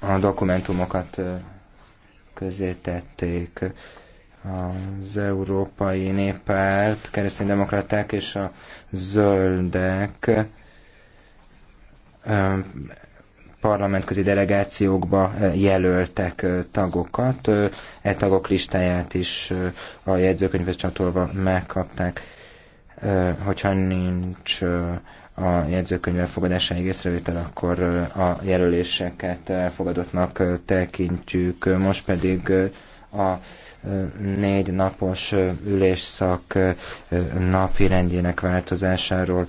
a dokumentumokat közzétették az Európai Néppárt, kereszténydemokraták és a zöldek parlamentközi delegációkba jelöltek tagokat. E tagok listáját is a jegyzőkönyvhez csatolva megkapták hogyha nincs a jegyzőkönyv elfogadásáig észrevétel, akkor a jelöléseket elfogadottnak tekintjük. Most pedig a négy napos ülésszak napi rendjének változásáról